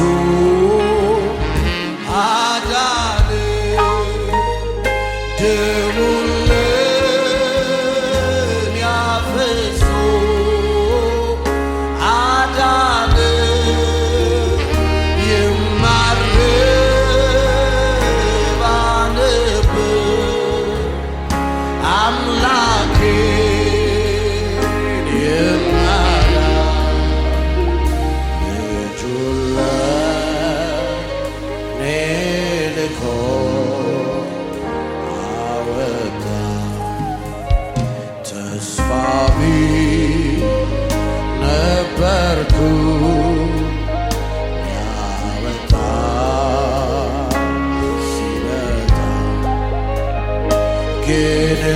soul.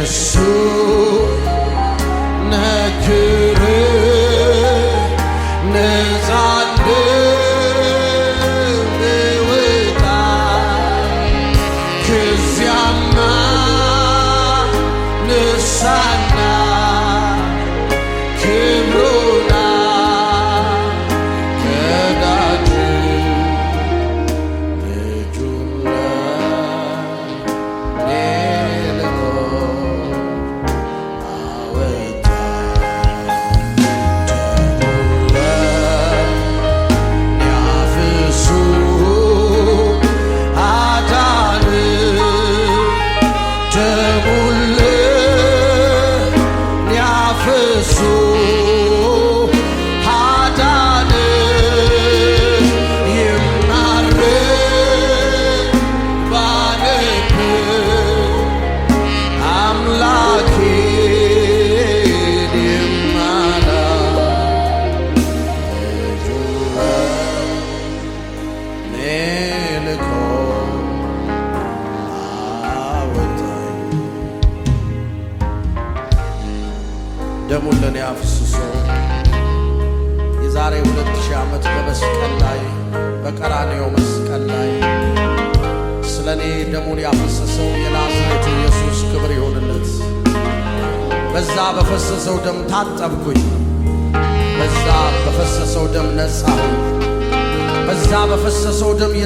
So.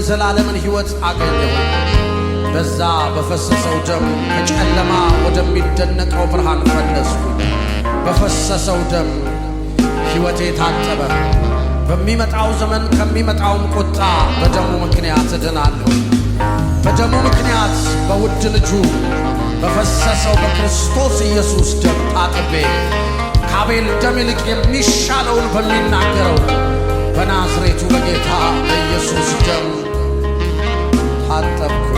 የዘላለምን ሕይወት አገኘሁ። በዛ በፈሰሰው ደም ከጨለማ ወደሚደነቀው ብርሃን ፈለስኩ። በፈሰሰው ደም ሕይወቴ ታጠበ። በሚመጣው ዘመን ከሚመጣውም ቁጣ በደሙ ምክንያት እድናለሁ። በደሙ ምክንያት በውድ ልጁ በፈሰሰው በክርስቶስ ኢየሱስ ደም ታጥቤ ከአቤል ደም ይልቅ የሚሻለውን በሚናገረው በናዝሬቱ በጌታ በኢየሱስ ደም ታጠብኩ።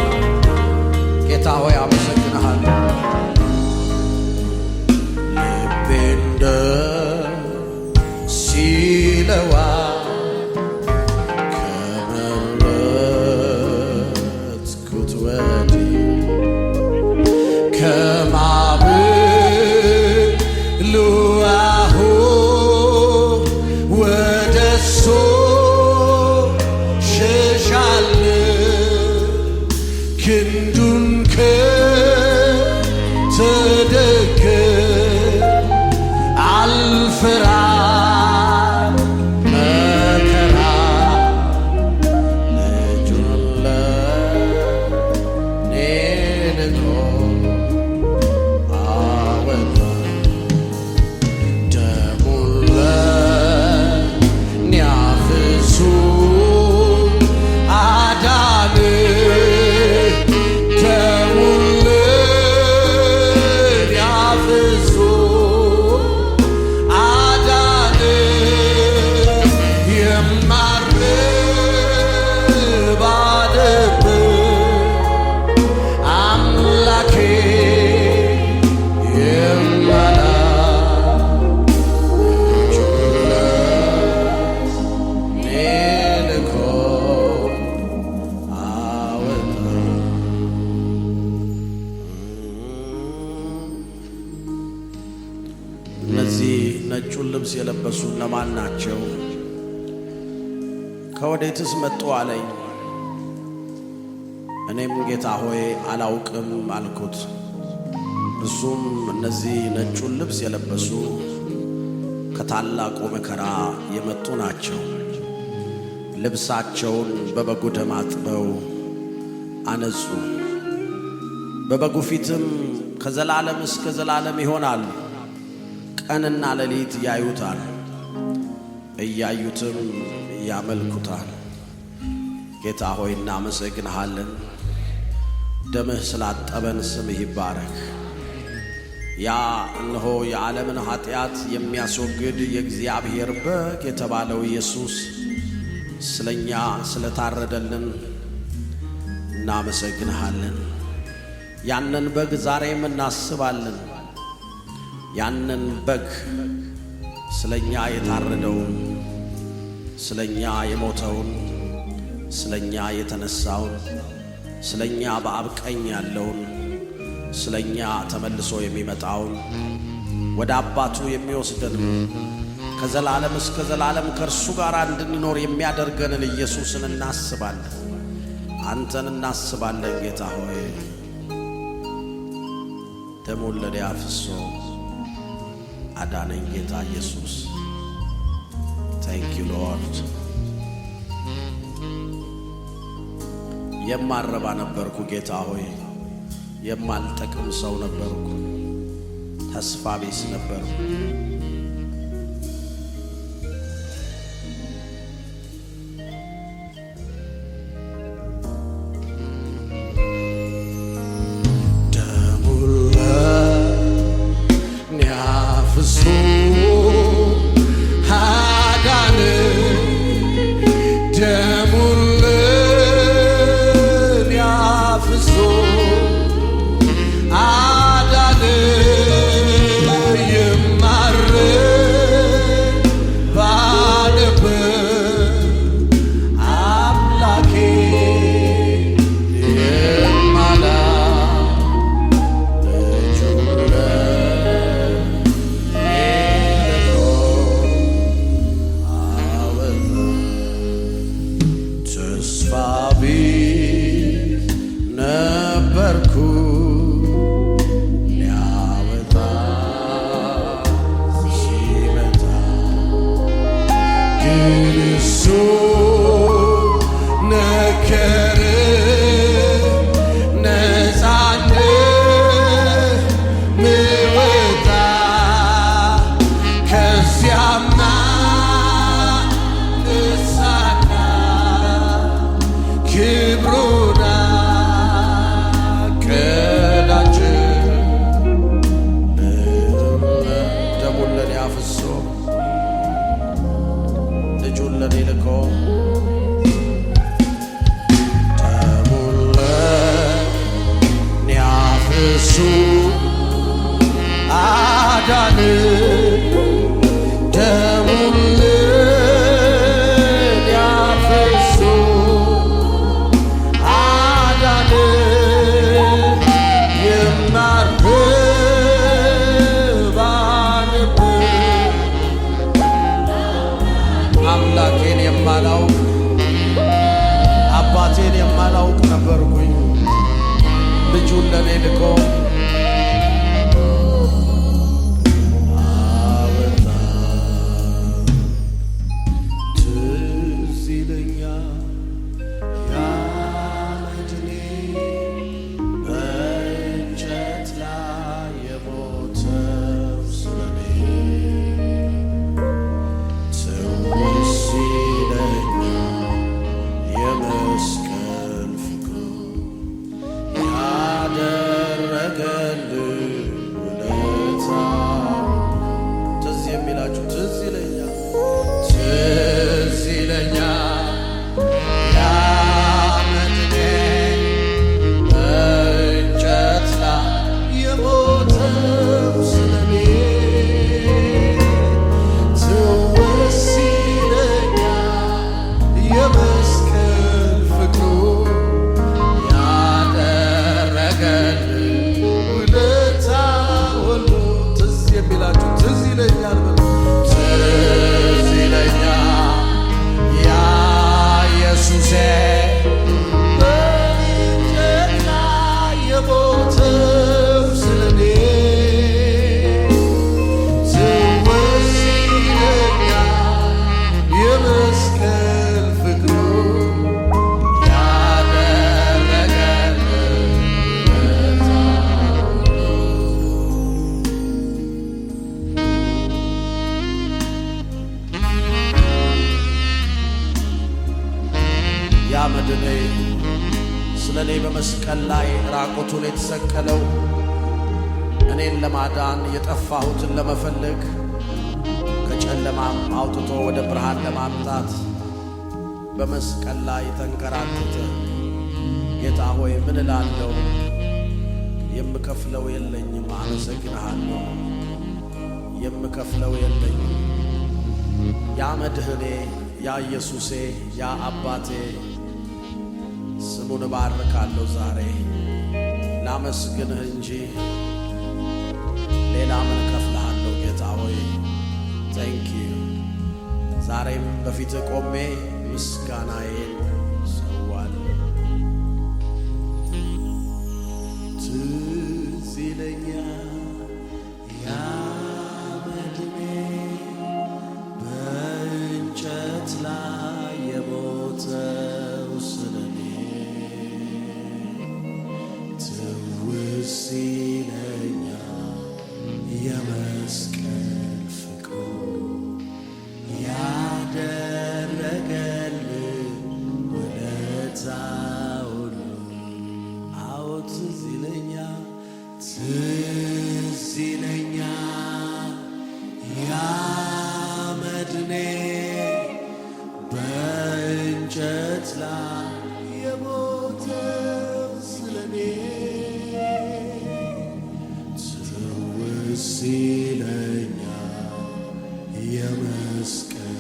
ጌታ ሆይ አመሰግንሃለሁ። ልቤ እንደ ሲለዋ ልብስ የለበሱ እነማን ናቸው? ከወዴትስ መጡ አለኝ። እኔም ጌታ ሆይ አላውቅም አልኩት። እሱም እነዚህ ነጩን ልብስ የለበሱ ከታላቁ መከራ የመጡ ናቸው። ልብሳቸውን በበጉ ደም አጥበው አነጹ፣ በበጉ ፊትም ከዘላለም እስከ ዘላለም ይሆናሉ። ቀንና ሌሊት ያዩታል፣ እያዩትም ያመልኩታል። ጌታ ሆይ እናመሰግንሃለን። ደምህ ስላጠበን ስምህ ይባረክ። ያ እነሆ የዓለምን ኃጢአት የሚያስወግድ የእግዚአብሔር በግ የተባለው ኢየሱስ ስለኛ ስለታረደልን እናመሰግንሃለን። ያንን በግ ዛሬም እናስባለን። ያንን በግ ስለኛ የታረደውን ስለኛ የሞተውን ስለኛ የተነሳውን ስለኛ በአብ ቀኝ ያለውን ስለኛ ተመልሶ የሚመጣውን ወደ አባቱ የሚወስደን ከዘላለም እስከ ዘላለም ከእርሱ ጋር እንድንኖር የሚያደርገንን ኢየሱስን እናስባለን። አንተን እናስባለን ጌታ ሆይ ደሙን ለእኔ አፍሶ አዳነኝ ጌታ ኢየሱስ። ታንክ ዩ ሎርድ። የማረባ ነበርኩ ጌታ ሆይ፣ የማልጠቅም ሰው ነበርኩ፣ ተስፋ ቢስ ነበርኩ። new በመስቀል ላይ ተንከራተተ። ጌታ ሆይ ምን እላለሁ? የምከፍለው የለኝም፣ አመሰግንሃለሁ። የምከፍለው የለኝም። ያ መድህኔ፣ ያ ኢየሱሴ፣ ያ አባቴ ስሙን እባርካለሁ። ዛሬ ላመስግንህ እንጂ ሌላ ምን እከፍልሃለሁ? ጌታ ሆይ ቴንኪዩ ዛሬም በፊትህ ቆሜ ምስጋናዬን ሰዋለሁ። ትዝ ይለኛል መስላ የሞተው ስለኔ ትውስ ይለኛ የመስቀል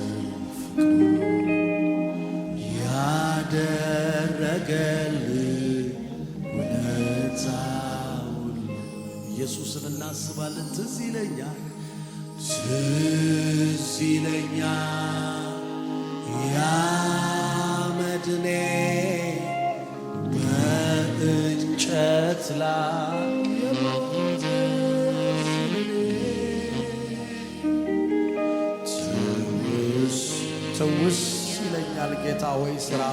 ፍቅር ያደረገልኝ ውለታው ኢየሱስን እናስባለን ትዝ ይለኛል ሥራ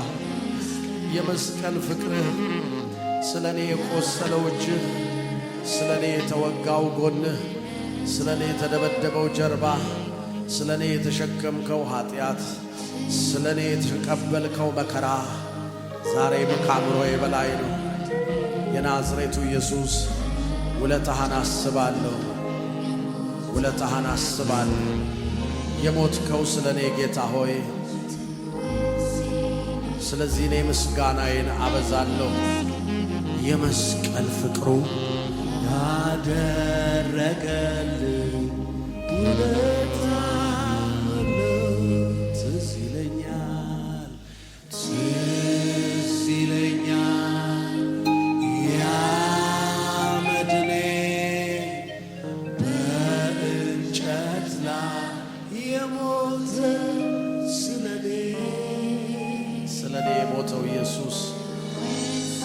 የመስቀል ፍቅርህ ስለ እኔ የቆሰለው እጅህ፣ ስለ እኔ የተወጋው ጎንህ፣ ስለ እኔ የተደበደበው ጀርባ፣ ስለ እኔ የተሸከምከው ኃጢአት፣ ስለ እኔ የተቀበልከው መከራ ዛሬም ከአእምሮዬ በላይ ነው። የናዝሬቱ ኢየሱስ ውለታህን አስባለሁ፣ ውለታህን አስባለሁ። የሞትከው ስለ እኔ ጌታ ሆይ ስለዚህ እኔ ምስጋናዬን አበዛለሁ። የመስቀል ፍቅሩ ያደረገልኝ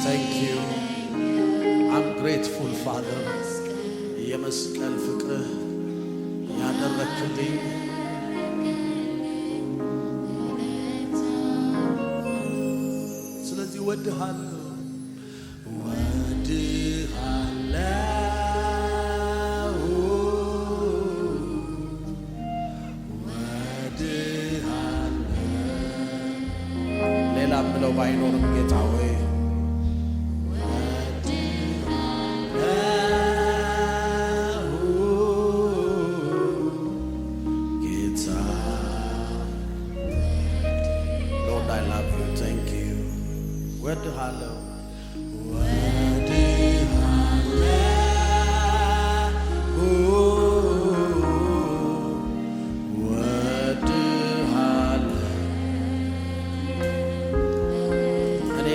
Thank you. I'm grateful, Father. የመስቀል ፍቅርህ ያደረክልኝ ስለዚህ ወድሃለሁ።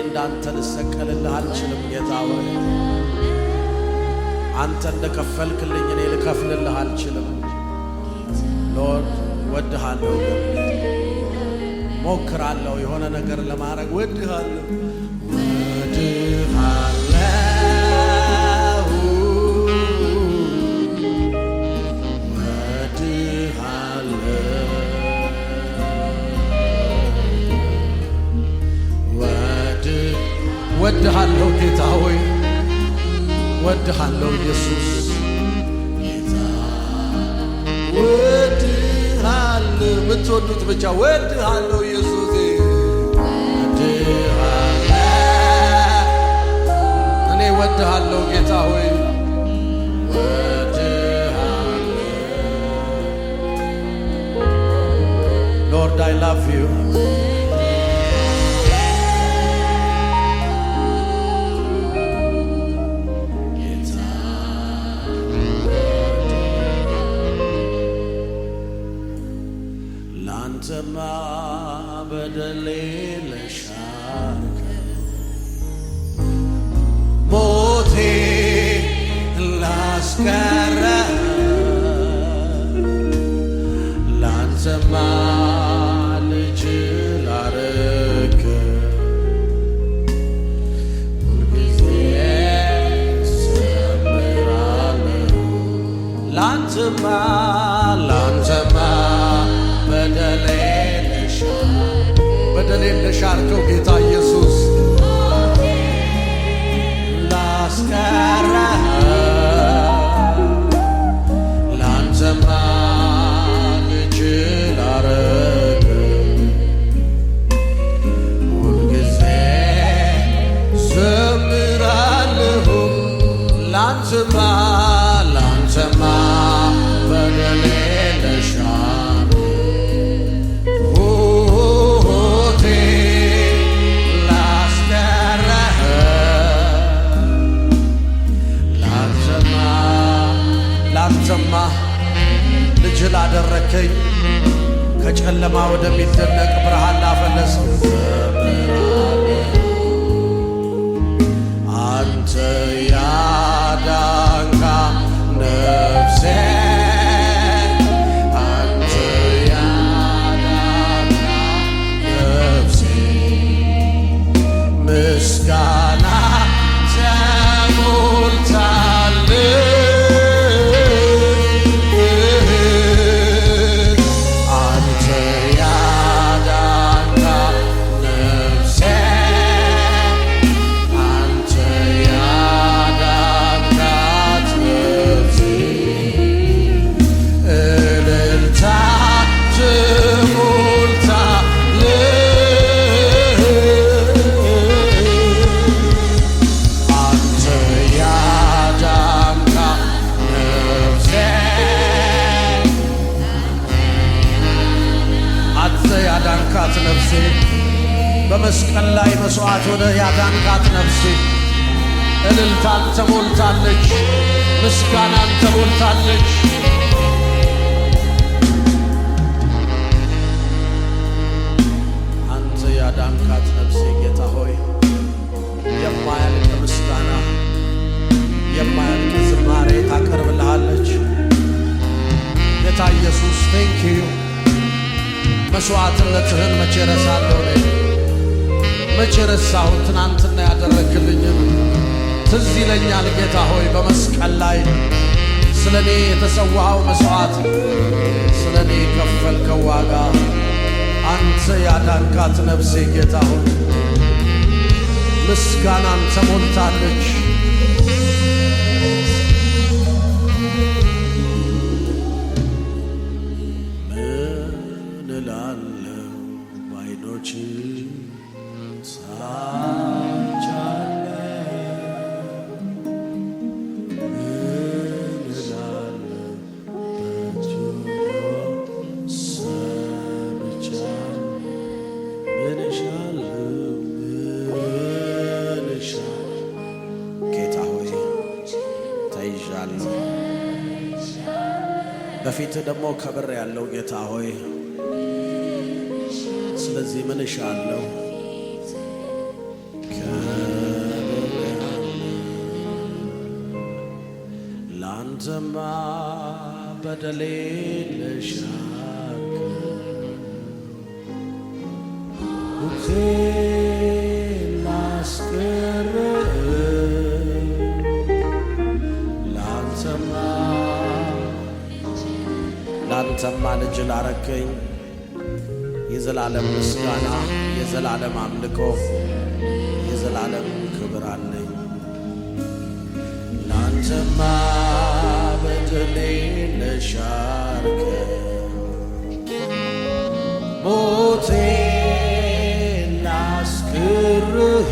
እንዳንተ ልሰቀልልህ አልችልም። ጌታ ሆይ አንተ እንደከፈልክልኝ እኔ ልከፍልልህ አልችልም። ሎርድ ወድሃለሁ፣ ሞክራለሁ የሆነ ነገር ለማድረግ ወድሃለሁ ወድሃለሁ ጌታ ሆይ ወድሃለሁ ኢየሱስ ወድሃለሁ ብቻ ወድሃለሁ ኢየሱስ እኔ ወድሃለሁ ጌታ ሆይ ተሞልታለች። ምስጋናን ተሞልታለች። አንተ ያዳንካት ነፍሴ ጌታ ሆይ የማያልቅ ምስጋና የማያልቅ ዝማሬ ታቀርብልሃለች። ጌታ ኢየሱስ ቴንኪዩ መስዋዕትነትህን መቼ ረሳለሁ? መቼ ረሳሁ? ትናንትና ያደረግልኝ ትዝ ይለኛል ጌታ ሆይ በመስቀል ላይ ስለ እኔ የተሰዋኸው መሥዋዕት፣ ስለ እኔ የከፈልከው ዋጋ፣ አንተ ያዳንካት ነፍሴ ጌታ ሆይ ምስጋናን ተሞልታለች። ምን እላለሁ ባይኖች ደግሞ ከብር ያለው ጌታ ሆይ ስለዚህ ምን እሻለሁ? ላንተማ በደሌ ልሻገር አንተማ ልጅ ላረከኝ የዘላለም ምስጋና፣ የዘላለም አምልኮ፣ የዘላለም ክብር አለኝ። ላንተማ በደሌ ለሻርከ ሞቴ ላስክርህ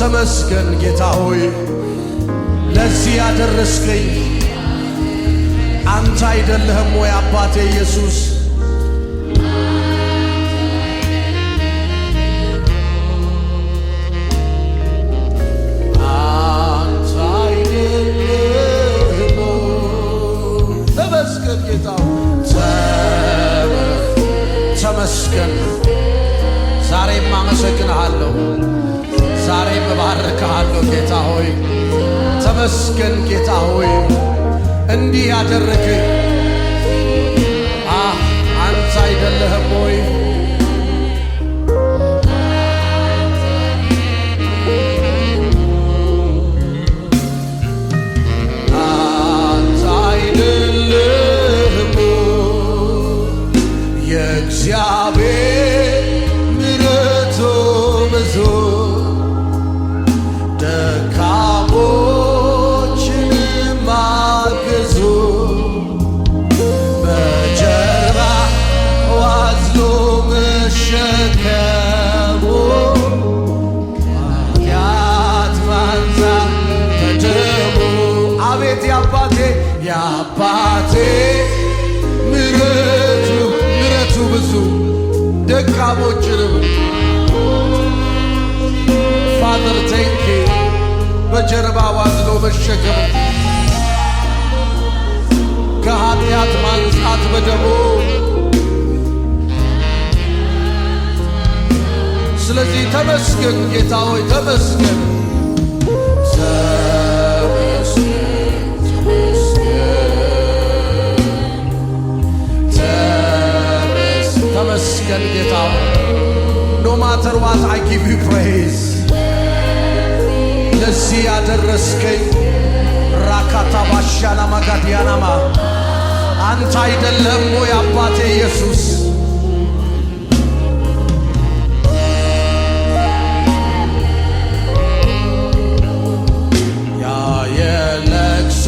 ተመስገን ጌታ ጌታ ሆይ ለዚህ ያደረስከኝ አንተ አይደለህም ወይ አባቴ ኢየሱስ ተመስገን። ዛሬም አመሰግንሃለሁ፣ ዛሬም እባርክሃለሁ። ጌታ ሆይ ተመስገን። ጌታ ሆይ እንዲህ ያደረግህ በደሙ ስለዚህ ተመስገን ጌታ ሆይ ተመስገን ተመስገን ጌታ ኖ ማተር ዋት አይ ጊቭ ዩ ለዚህ ያደረስከኝ ራካታ ባሻላማጋዲያናማ አንተ አይደለም ወይ አባቴ ኢየሱስ ያ የለቅሶ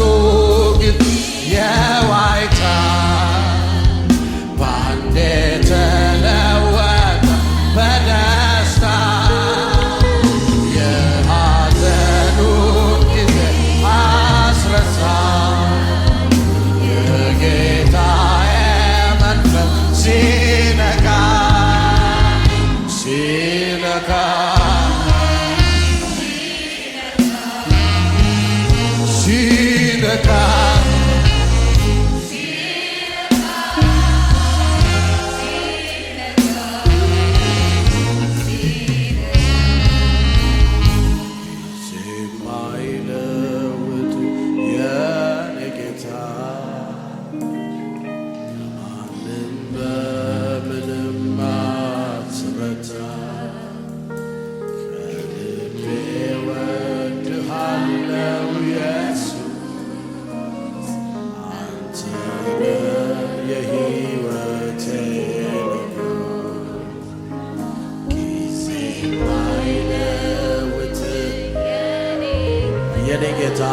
ጌታ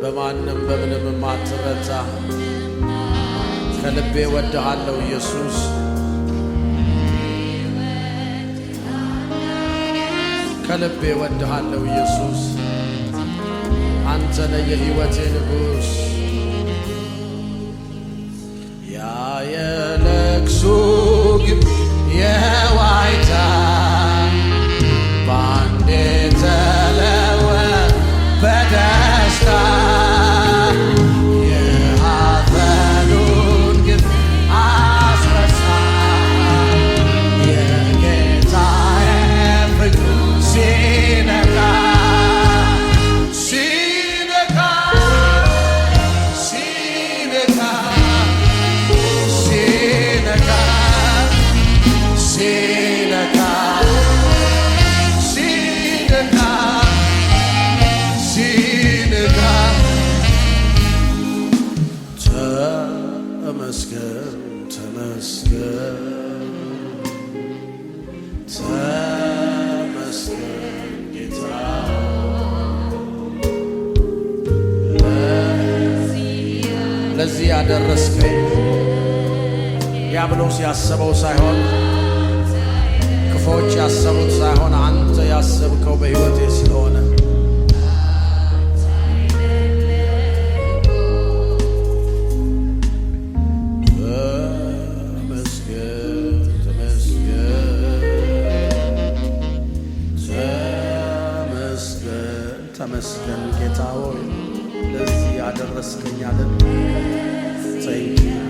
በማንም በምንም የማትረታ ከልቤ ወድሃለሁ ኢየሱስ ከልቤ ወድሃለሁ ኢየሱስ አንተ ነህ የሕይወቴ ንጉሥ ያ የለቅሱ ግብ የዋይታ ያሰበው ሳይሆን ክፎች ያሰቡት ሳይሆን አንተ ያሰብከው በሕይወቴ ስለሆነ ተመስገን ጌታ ሆይ ለዚህ ያደረስከኛለን።